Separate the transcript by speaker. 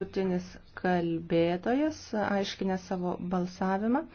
Speaker 1: Paskutinis kalbėtojas aiškinė savo balsavimą.